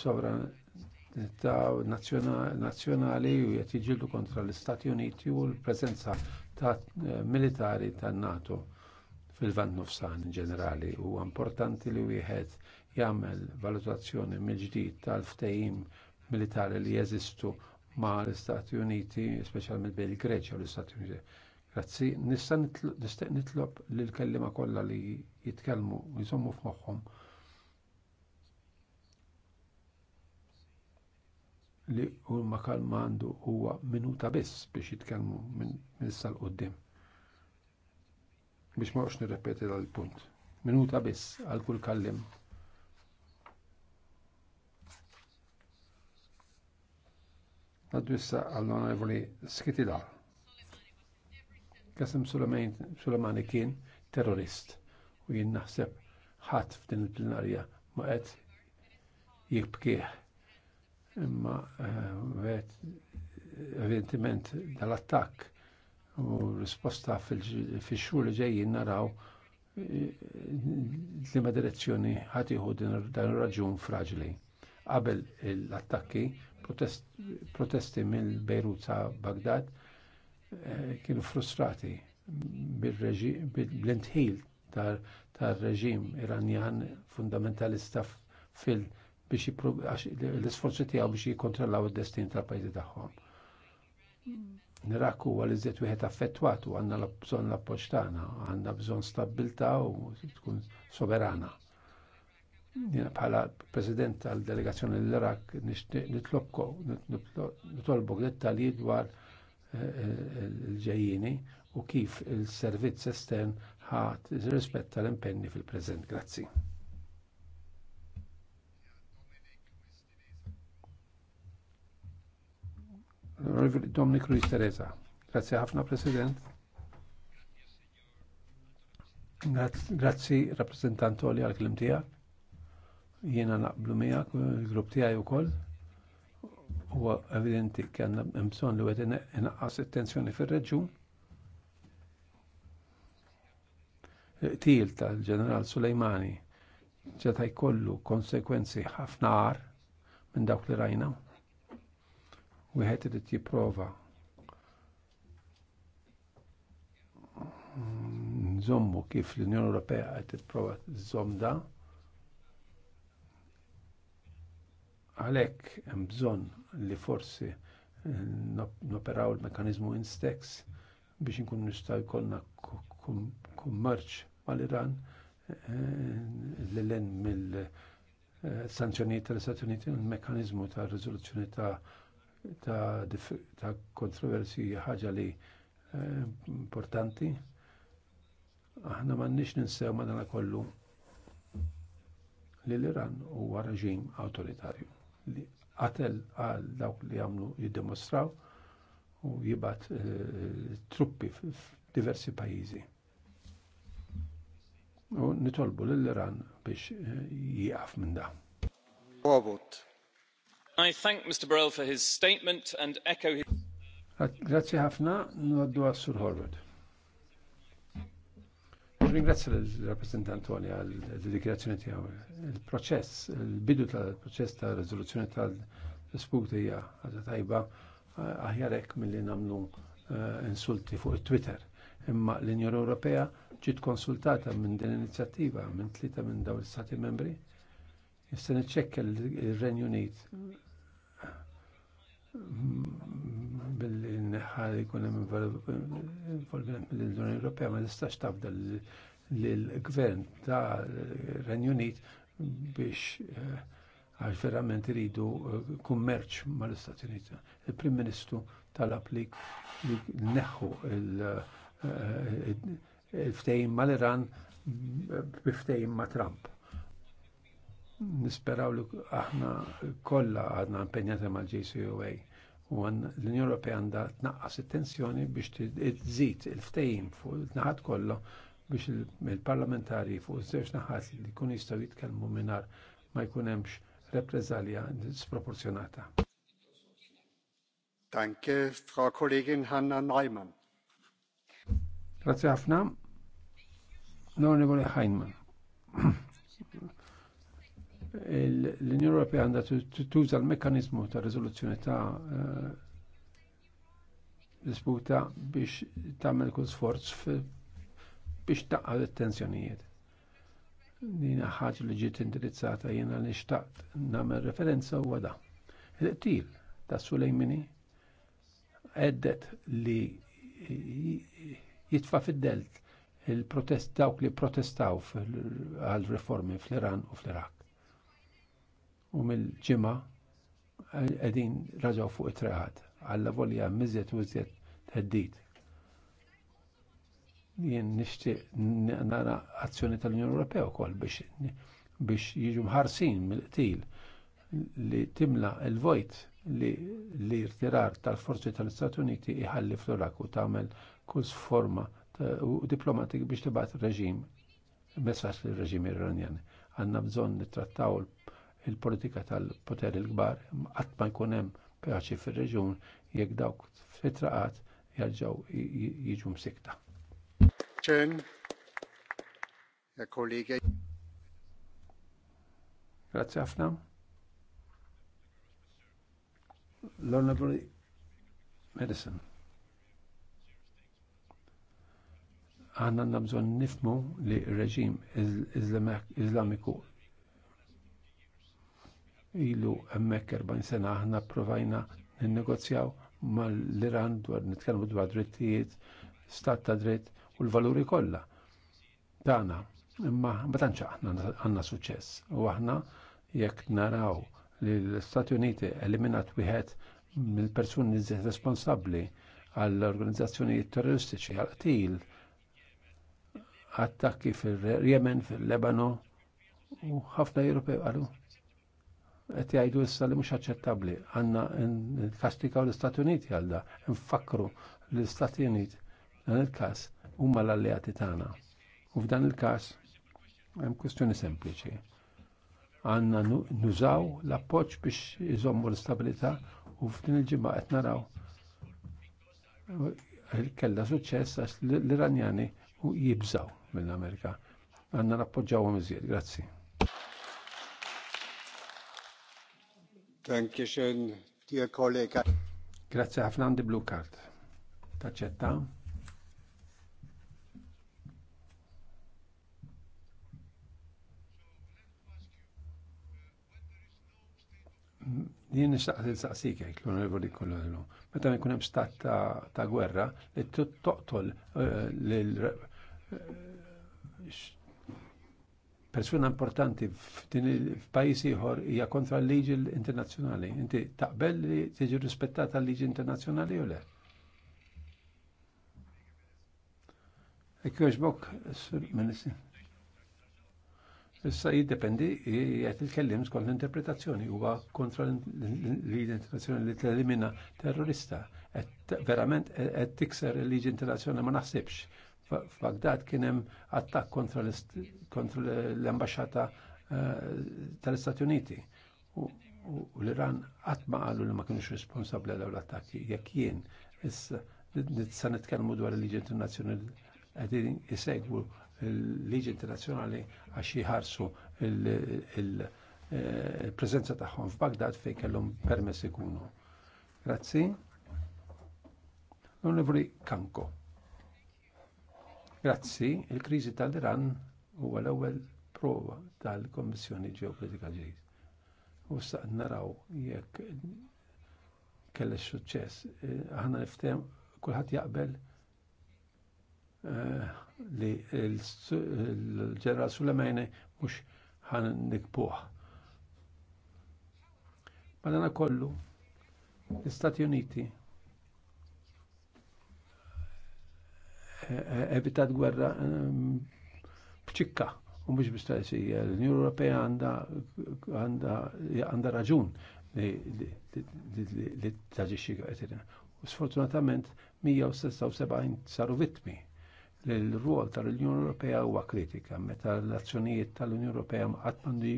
sovranità nazzjonali u qed jiġiltu kontra l-Istati Uniti u l-preżenza ta' militari tan-NATO fil-vant nofsan in ġenerali u importanti li wieħed jagħmel valutazzjoni mill-ġdid tal-ftehim militari li jeżistu ma l-Istati Uniti, specialment il greċja u l-Istati Uniti. Grazzi, nista' nitlob l kellima kollha li jitkellmu, jżommu f'moħħhom li huma kalma għandu huwa minuta biss biex jitkellmu minn issa l qoddim biex ma nirrepeti dal-punt. Minuta biss għal kull kallim Naddu għall-onorevoli Skitila. Kasim Sulemani kien terrorist u jien naħseb ħadd f'din il-plenarja ma qed jibkieħ. Imma eh, evidentiment dal-attakk u risposta fil-xhur li ġejjin naraw eh, l ma direzzjoni ħadd din dan raġun fraġli. Qabel l-attakki protest, protesti mill Beirut sa Bagdad eh, kienu frustrati bil-intħil tal-reġim iranjan fundamentalista fil biex l-isforzi tiegħu biex jikkontrollaw id-destin tal-pajjiżi tagħhom. Nirakku huwa li żiet wieħed affettwat u għandna bżonn l-appoġġ tagħna, għandna bżonn stabbiltà u tkun soverana jina bħala president tal-delegazzjoni l-Irak nitlobko, nitolbok dettalji dwar eh, eh, l-ġejjini u kif il-servizz estern ħat rispetta l-impenni fil-prezent. Grazzi. Dominic Ruiz Teresa. Grazie ħafna, President. Grazzi, rappresentantoli għal-klim tijak Jiena naqblu miegħek, il-grupp tiegħi wkoll. Huwa evidenti kellna bżonn li qed inqas it-tensjoni fir-reġjun. Til tal-ġeneral Sulejmani ġeta jkollu konsekwenzi ħafna għar minn dawk li rajna. Wieħed irid jipprova nżommu kif l-Unjoni Ewropea qed tipprova tżomm da' Għalhekk hemm bżonn li forsi noperaw il-mekanizmu Instex biex inkun nistgħu jkollna kummerċ mal-Iran eh, l-len mill-sanzjonijiet eh, tal-Istati Uniti il-mekanizmu ta' riżoluzzjoni ta' ta' kontroversi ħaġa li eh, importanti. Aħna m'għandniex ninsew madana kollu li l-Iran huwa reġim awtoritarju li għatel għal dawk li għamlu jiddemostraw u jibat eh, truppi diversi pajizi. U nitolbu l-Iran biex eh, jieqaf minn da. I thank Mr. Burrell for his statement and echo his... Grazie ħafna, noddu għas-Sur Horvath. Ringrazzi l rappresentant għalli għal dikjazzjoni tiegħu. Il-proċess, il-bidu tal-proċess ta' rezoluzzjoni tal-disput hija ħaġa tajba aħjarek milli nagħmlu eh, insulti fuq it-Twitter. Imma l-Unjoni Ewropea ġiet konsultata minn din l-inizjattiva minn tlieta minn daw l-Stati membri. Issa niċċekka l-Renju Unit neħħal jkun hemm involviment mill-Unjoni Ewropea ma nistax tafda lill-gvern ta' Renju Unit biex eh, għax verament iridu eh, kummerċ mal-Istati Uniti. Il-Prim Ministru talab li neħħu eh, il-ftejn mal-Iran biftejn ma' Trump nisperaw li aħna kolla għadna impenjata mal JCOA u għan l-Unjoni Ewropea għandha tnaqqas it-tensjoni biex tżid il-ftehim fuq il-naħat kollu biex il-parlamentari fuq iż-żewġ naħat li jkunu jistgħu jitkellmu mingħajr ma jkun hemmx repreżalja sproporzjonata. Danke, Frau Kollegin Hanna Neumann. Grazie ħafna. l Heinmann. [clears throat] l-Unjoni Ewropea għandha tuża l-mekkaniżmu ta' riżoluzzjoni ta' eh, disputa biex tagħmel kull sforz biex taqqa' it-tensjonijiet. Dina ħaġa li ġiet indirizzata jiena li xtaqt nagħmel referenza huwa da. Il-qtil ta' Sulejmini għeddet li jitfa' fid-delt il-protest dawk li protestaw għal reformi fl-Iran u fl iraq u mill-ġimgħa qegħdin raġgħu fuq it-treħad għalla volja mizzet u iżjed teddid. Jien nixtieq nara azzjoni tal-Unjoni Ewropea wkoll biex biex jiġu mħarsin mill-qtil li timla l-vojt li l-irtirar tal-forzi tal istat Uniti iħalli fl iraq u tagħmel kull forma u diplomatik biex tibgħat reġim messaġġ lir-reġim Iranjan. Għandna bżonn nittrattaw l il-politika tal-poter il-kbar qatt ma jkun hemm paċi fir-reġun jekk dawk fitraqat jarġgħu jiġu msikta. Ċen, kollega. Grazie ħafna. L-Honorable Medicine. Għanna nabżon nifmu li reġim izlamiku ilu hemmhekk 40 sena aħna provajna n-negozjaw mal-Iran dwar nitkellmu dwar drittijiet, stat ta' dritt u l-valuri kollha. Tana, imma ma tantx aħna għandna suċċess u aħna jekk naraw li l-Stati Uniti eliminat wieħed mill-persuni responsabbli għall-organizzazzjonijiet terroristiċi għal-qtil attakki fil-Jemen, fil-Lebano u ħafna Ewropew għalu qed jgħidu issa li mhux aċċettabbli. Għandna nkastigaw l-Istati Uniti għal da, nfakru l-Istati Uniti dan il-każ huma l-alleati tagħna. U f'dan il-każ hemm kwestjoni sempliċi. Għandna nużaw l-appoġġ biex iżommu l-istabilità u f'din il-ġimgħa qed naraw kella suċċess għax l-Iranjani jibżaw mill-Amerika. Għanna nappoġġawhom iżjed, grazzi. Dankeschön, dear kollega. Grazie ħafna għandi blue card. Taċċetta. Jien nistaqsi l-saqsik jgħid l-onorevoli kollu. Meta jkun hemm stat ta' gwerra li toqtol eh, lil eh, persuna importanti f'pajjiż ieħor hija kontra l-liġi internazzjonali. Inti taqbel li tiġi rispettata l-liġi internazzjonali u le? Ekkjoġ bok, ministri. Issa jiddependi jgħet il-kellim skont l-interpretazzjoni huwa kontra l-liġi internazzjonali li t-elimina terrorista. Verament qed tikser il-liġi internazzjonali ma naħsibx F'Bagdad kien hemm attakk kontra l-ambaxxata eh, tal-Istati Uniti. U l-Iran qatt ma qalu li ma kienux responsabbli għal l-attakki. Jekk jien issa nitsa nitkellmu dwar il-liġi internazzjonali qegħdin isegwu l-liġi internazzjonali għax jħarsu eh, il-preżenza tagħhom f'Bagdad fejn kellhom permess ikunu. Grazzi. l Kanko. Grazzi, il-kriżi tal-Iran huwa l-ewwel prova tal-Kommissjoni Ġeopolitika ġdid. U saq naraw jekk kellex suċċess. Eh, aħna niftem kulħadd jaqbel eh, li l-ġeneral Sulejmani mhux ħan nikbuħ. Madana kollu, l-Istati Uniti evitat gwerra ehm, bċikka u mhux bistaqsija. L-Unjoni Ewropea għanda raġun li taġixxi qed U sfortunatament 176 saru vittmi l-rwol tal-Unjoni Ewropea huwa kritika meta l-azzjonijiet tal-Unjoni Ewropea qatt m'għandu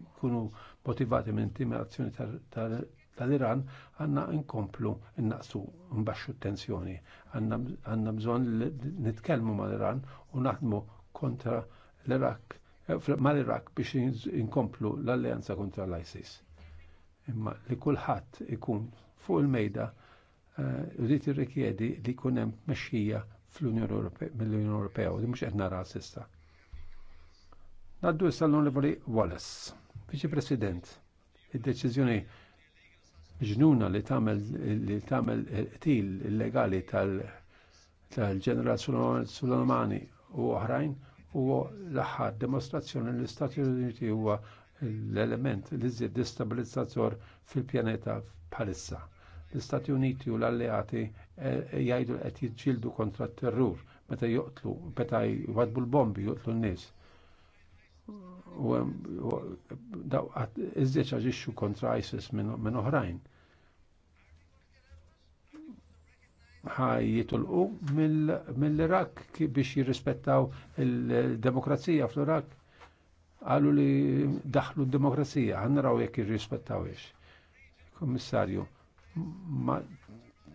jkunu motivati minn tim azzjoni tal-Iran għanna inkomplu innaqsu mbaxxu t-tensjoni. Għanna bżon nitkelmu mal-Iran u naħdmu kontra l-Irak eh, mal-Irak biex inkomplu l-alleanza kontra l-ISIS. Imma li kullħat ikun fuq il-mejda eh, rrit irrikjedi li jkun hemm mexxija mill-Unjoni Ewropea u li mux qed nara s'issa. Naddu issa l-Onorevoli Wallace, vice President, id deċizjoni ġnuna li tagħmel li tamel til illegali tal ġeneral Sulemani u oħrajn huwa l-aħħar dimostrazzjoni li l-Istati Uniti huwa l-element li żied destabilizzator fil-pjaneta bħalissa. L-Istati Uniti u l-alleati e, e, jgħidu qed jiġġieldu kontra t-terrur meta joqtlu, meta jwadbu l-bombi joqtlu n-nies iżdieċa ġiċu kontra ISIS minn oħrajn. ħaj jitulqu mill-Irak biex jirrispettaw il-demokrazija fl-Irak. Għallu li daħlu d-demokrazija, raw jek jirrispettawiex. Kommissarju, ma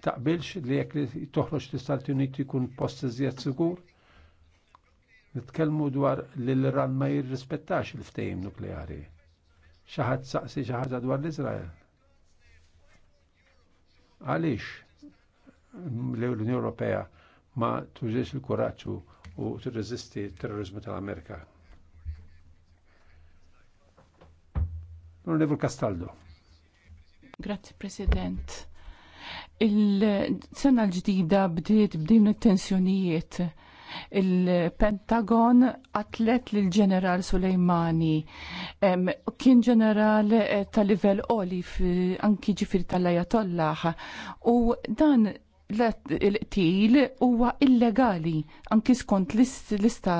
taqbilx li jek li toħroġ l-Istati Uniti kun post iżjed sigur? Nitkellmu dwar li l-Iran ma jirrispettax il ftejim nukleari. Xaħat saqsi xi ħaġa dwar l-Iżrael. Għaliex l-Unjoni Ewropea ma tużix il kuraċu u tirreżisti t-terrorizmu tal-Amerika. Onorevole Castaldo. Grazie President. Il-sena l-ġdida bdiet bdiet, bdiet, tensjonijiet il-Pentagon atlet l ġeneral Sulejmani kien ġeneral eh, ta' livell oli anki ġifir tal-ajatollah u dan il-qtil huwa illegali anki skont lista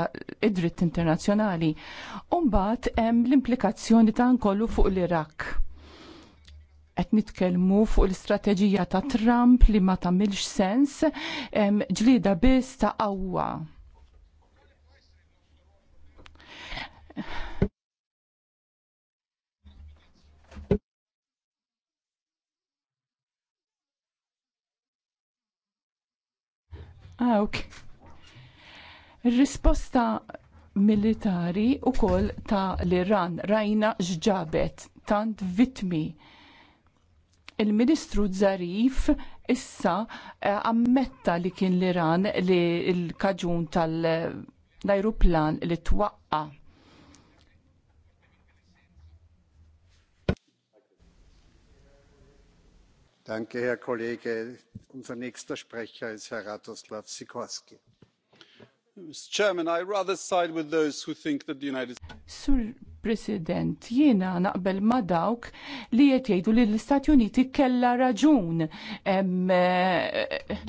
id-dritt internazzjonali. Umbat hemm l-implikazzjoni ta' nkollu fuq l-Irak qed nitkellmu fuq l-istrateġija ta' Trump li ma tagħmilx sens ġlida biss ta' qawwa. Ah, ok. Risposta militari u kol ta' l-Iran rajna ġġabet tant vitmi il-Ministru Zarif issa eh, ammetta li kien l-Iran li l-kaġun tal-ajruplan li twaqqa. Danke, Herr Kollege. Unser nächster Sprecher ist Herr Radoslav Sikorski. Sur President, jiena naqbel ma dawk li qed jgħidu li l-Istati Uniti kellha raġun eh,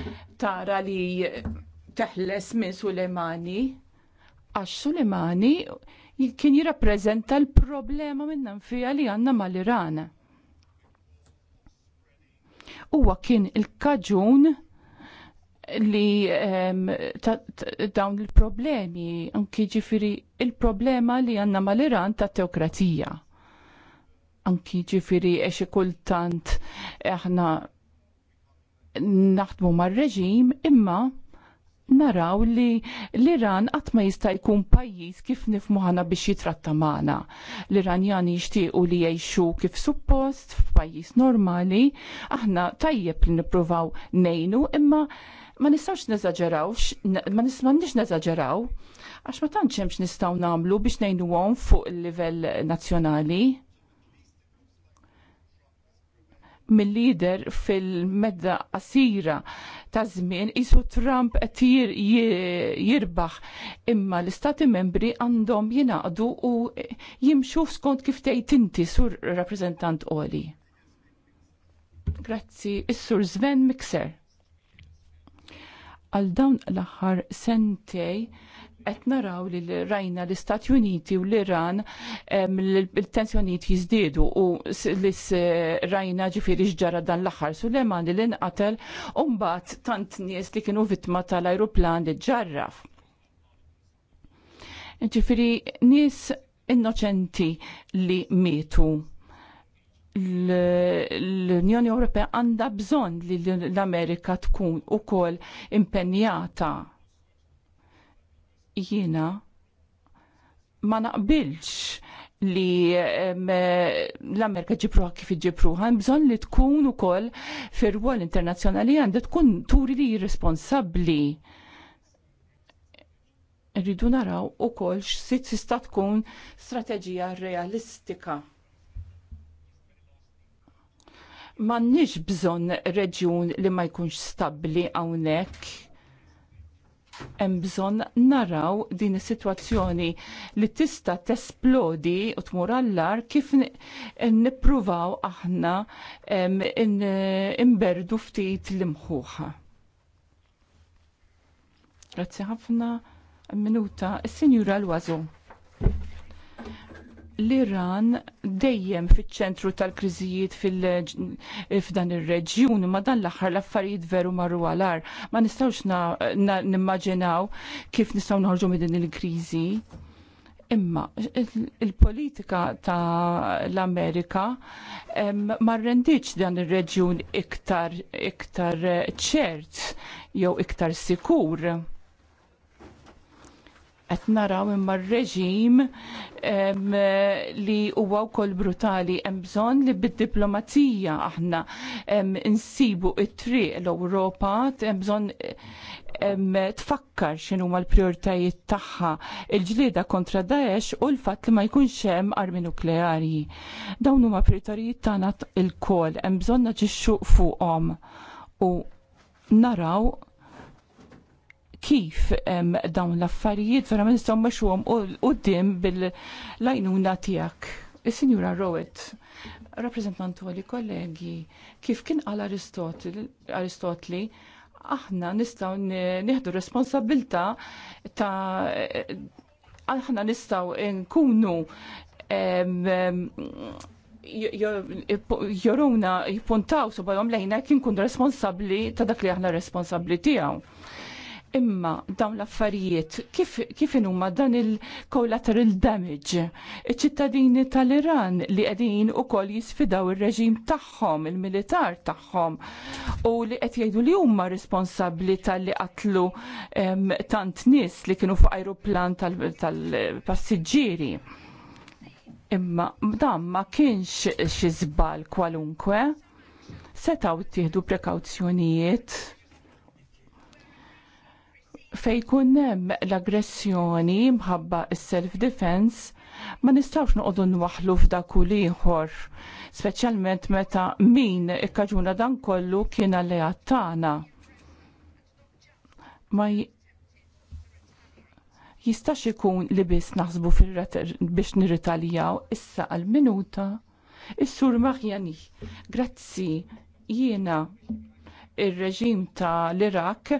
tara li teħles minn Sulemani għax Sulemani kien jirrappreżenta l-problema minnan fija li għanna mal-Iran. Huwa kien il-kaġun li dawn il-problemi, anki ġifiri il-problema li għanna mal-Iran ta' teokratija. Anki ġifiri eċi kultant aħna naħdmu mar-reġim imma naraw li l-Iran għatma ma jista' jkun pajjiż kif nifmu biex jitratta magħna. L-Iranjani jixtiequ li jgħixu kif suppost f'pajjiż normali, aħna tajjeb li nippruvaw nejnu imma ma nistawx neżagġerawx, ma nismanniex neżagġeraw, għax ma tantx hemmx nistgħu nagħmlu biex ngħinuhom fuq il level nazjonali. Mill-lider fil-medda qasira ta' żmien isu Trump qed jirbaħ imma l-istati membri għandhom jingħaqdu u jimxu skont kif tgħid inti sur rappreżentant qoli. Grazzi, is-sur Sven Mikser għal dawn l-aħħar sentej qed naraw li rajna l-Istati Uniti u l-Iran il-tensjonijiet jiżdiedu u lis rajna ġifieri x'ġara dan l-aħħar Suleman li inqatel u mbagħad tant nies li kienu vittma tal-ajruplan li ġarraf. Ġifieri nies innoċenti li mietu l-Unjoni Ewropea għandha bżonn li l-Amerika tkun ukoll impenjata. Jiena ma naqbilx li l-Amerika ġipruħa kif ġipruħa, bżonn li tkun ukoll fir wol internazzjonali għandha tkun turi li responsabbli rridu naraw ukoll x' tista' tkun strateġija realistika. M'għandniex bżonn reġjun li ma jkunx stabbli hawnhekk. Hemm bżonn naraw din is-sitwazzjoni li tista' tesplodi u tmur allar kif nippruvaw aħna imberdu ftit l-imħuħa. Grazzi ħafna minuta, is-Sinjura l-Wazu l-Iran dejjem fiċ-ċentru tal-kriżijiet f'dan ir-reġjun, ma dan l-aħħar l-affarijiet veru marru għalar. Ma nistgħux nimmaġinaw kif nistgħu nħarġu minn din il-kriżi. Imma il-politika ta' l-Amerika ma rendiċ dan ir-reġjun iktar iktar ċert jew iktar sikur qed naraw imma r-reġim li huwa wkoll brutali hemm bżonn li bid-diplomazija aħna insibu t-triq l-Ewropa hemm bżonn tfakkar x'inhu huma l-prijoritajiet tagħha il-ġlieda kontra Daesh u l-fatt li ma jkunx hemm armi nukleari. Dawn huma prijoritajiet tagħna il-kol hemm bżonn naġixxu fuqhom u naraw kif dawn l-affarijiet verament nistgħu d-dim bil-lajnuna tiegħek. Is-Sinjura Rowett, rappreżentantu li kollegi, kif kien għal Aristotli, aħna nistgħu nieħdu responsabilta ta' aħna nistgħu nkunu joruna su subajom lejna kien kundu responsabli ta' dak li aħna responsabli tijaw. Imma dawn l-affarijiet, kif, kif huma dan il-collateral damage? Iċ-ċittadini tal-Iran li qegħdin ukoll jisfidaw ir-reġim tagħhom, il-militar tagħhom, u li qed jgħidu li huma responsabbli tal-li qatlu tant nies li kienu fuq ajruplan tal-passiġġieri. Tal Imma dan ma kienx xi żball kwalunkwe, setaw tieħdu prekawzjonijiet fej hemm l-aggressjoni mħabba s-self-defense ma nistawx noqogħdu nwaħlu f'da ieħor, speċjalment meta min ikkaġuna dan kollu kien alleat tagħna. Ma jistax ikun li biss naħsbu biex nirritaljaw issa għal minuta is-sur Marjani. Grazzi jiena ir-reġim ta' l-Irak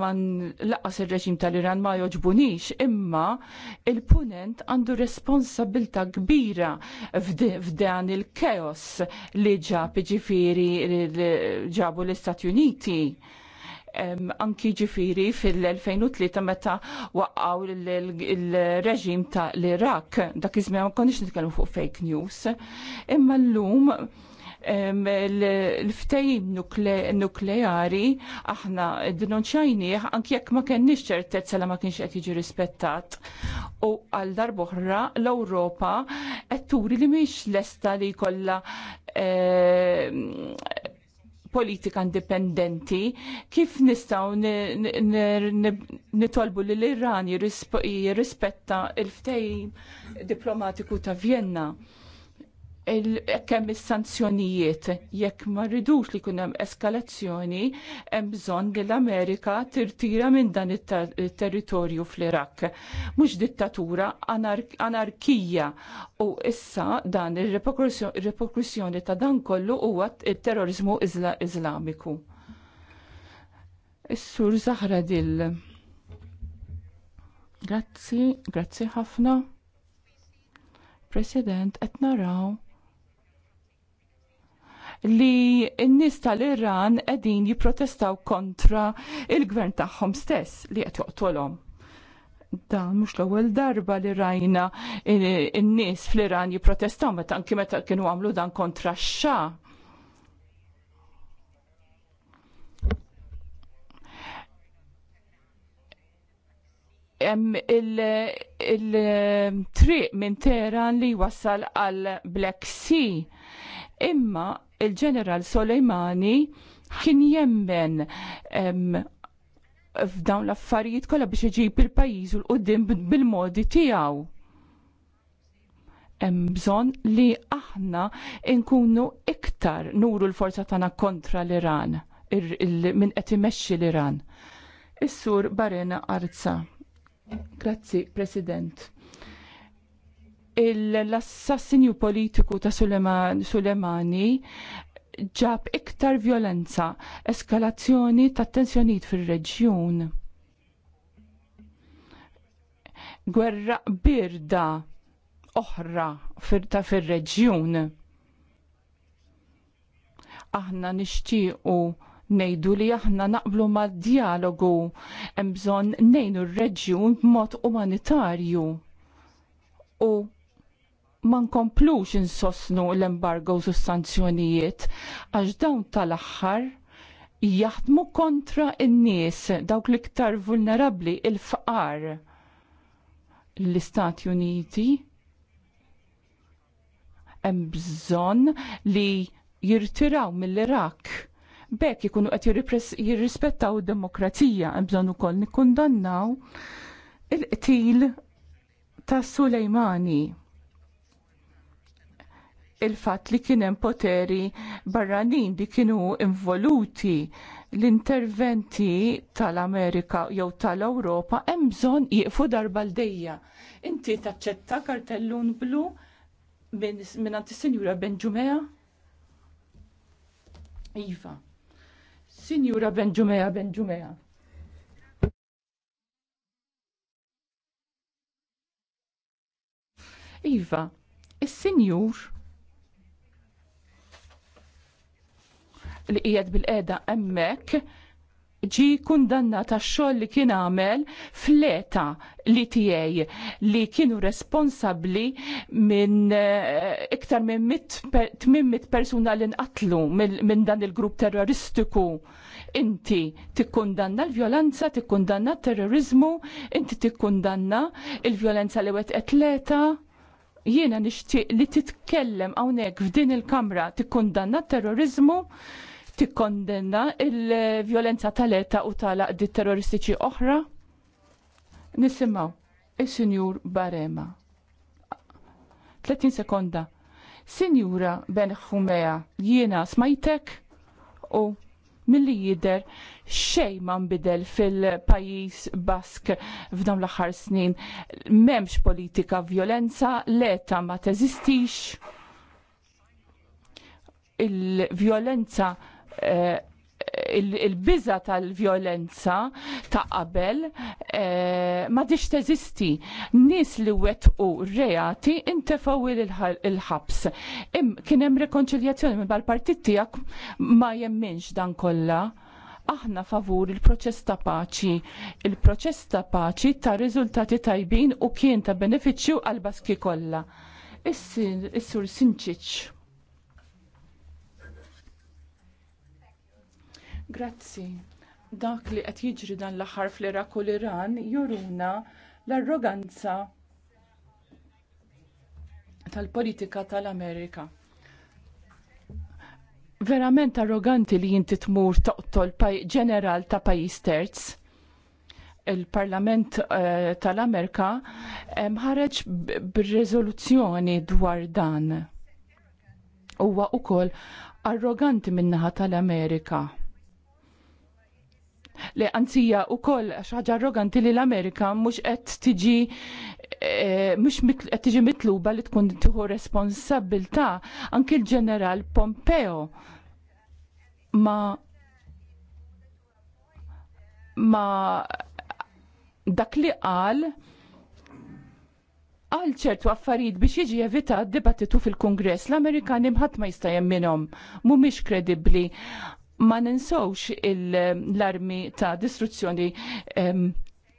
man laqas ir-reġim tal-Iran ma joġbunix imma il-punent għandu responsabilta kbira f'dan il-keos li ġab ġifiri ġabu l-Istati Uniti anki ġifiri fil-2003 meta waqqaw il-reġim ta' l-Irak. Dak iżmien ma konniex nitkellmu fuq fake news. Imma l-lum l-ftejim nukleari aħna denunċajni anki jekk ma kenniex ċertezza la ma kienx qed jiġi rispettat. U għal darboħra l-Ewropa qed turi li mhix lesta li kolla politika indipendenti, kif nistaw nitolbu li l-Iran jirrispetta il ftej diplomatiku ta' Vienna? kemm is-sanzjonijiet jekk ma rridux li jkun hemm eskalazzjoni hemm bżonn li l-Amerika tirtira minn dan it-territorju fl-Irak. Mhux dittatura anarkija u issa dan ir-reperkussjoni ta' dan kollu huwa t-terrorizmu Iżlamiku. Is-sur Zahra Dill. Grazzi, grazzi ħafna. President, qed naraw li n-nis tal-Iran edin jiprotestaw kontra il-gvern tagħhom stess li qed joqtolhom. Dan mhux l-ewwel darba li rajna n-nies fl-Iran jipprotestaw meta anki meta kienu għamlu dan kontra x-xa. il-triq il, minn Teheran li wasal għal Black Sea Imma il-ġeneral Soleimani kien jemmen f'dawn l-affarijiet kollha biex iġib il-pajjiż u l-qudiem bil-modi tiegħu. Hemm bżonn li aħna nkunu iktar nuru l-forza tagħna kontra l-Iran minn qed imexxi l-Iran. Is-sur Barena Arza. Grazzi, President l-assassinju politiku ta' Sulemani ġab iktar violenza, eskalazzjoni ta' tensjoniet fil-reġjun. Gwerra birda oħra firta fil-reġjun. Aħna nixtiequ nejdu li aħna naqblu ma dialogu hemm bżonn nejnu r-reġjun b'mod umanitarju u ma nkomplux insostnu l-embargo u s-sanzjonijiet għax dawn tal-aħħar jaħdmu kontra n-nies dawk l-iktar vulnerabbli il-faqar l-Istati Uniti hemm bżonn li jirtiraw mill-Irak bekk ikunu qed jirrispettaw id-demokrazija hemm bżonn ukoll nikkundannaw il-qtil ta' Sulejmani il-fat li kien hemm poteri barranin li kienu involuti l-interventi tal-Amerika jew tal-Ewropa hemm bżonn jieqfu darba l-dejja. Inti taċċetta kartellun blu minn sinjura Benġumea? Iva. Sinjura Benġumea Benġumea. Iva, s sinjur li qiegħed bil-qeda hemmhekk ġi kundannata xogħol li kien għamel fleta li tiegħi li kienu responsabbli minn eh, iktar minn 800 persuna li nqatlu minn dan il-grupp terroristiku. Inti tikkundanna l-vjolanza, tikkundanna terrorizmu, inti tikkundanna il-vjolenza li wet etleta, jiena nixtieq li titkellem hawnhekk f'din il-kamra tikkundanna terrorizmu tikkondenna il-violenza tal-eta u tal-aqdi terroristiċi oħra? Nisimaw, il-Sinjur Barema. 30 sekonda. Sinjura Ben Humea, jiena smajtek u mill-li jider xej ma nbidel fil-pajis bask f'dawn l-aħħar snin. Memx politika violenza, leta ma teżistix il-violenza Eh, il-biża tal-vjolenza ta' qabel eh, ma diċ teżisti. Nis li u reati intefaw il-ħabs. Kien hemm rekonċiljazzjoni minn bal-partit tiegħek ma jemminx dan kollha aħna favur il-proċess ta' paċi. Il-proċess ta' paċi ta' riżultati tajbin u kien ta' benefiċċju għal baski kollha. Is-sur Sinċiċ. Grazzi. Dak li qed jiġri dan l-aħħar fl-Iraq u l-Iran juruna l-arroganza tal-politika tal-Amerika. Verament arroganti li jinti tmur toqtol ġeneral ta' pajjiż terz il-Parlament uh, tal-Amerika eh, ħareġ b'riżoluzzjoni dwar dan. Huwa wkoll arroganti min-naħa tal-Amerika li għanzija u koll xaġa arroganti li l-Amerika mux qed tiġi eh, mux qed tiġi mitluba li tkun tieħu responsabilta anki l-ġeneral Pompeo ma ma dak li qal għal ċertu affarijiet biex jiġi evita dibattitu fil-Kongress l-Amerikani mħadd ma jista' jemminhom mhumiex kredibbli ma ninsowx l-armi ta' distruzzjoni um,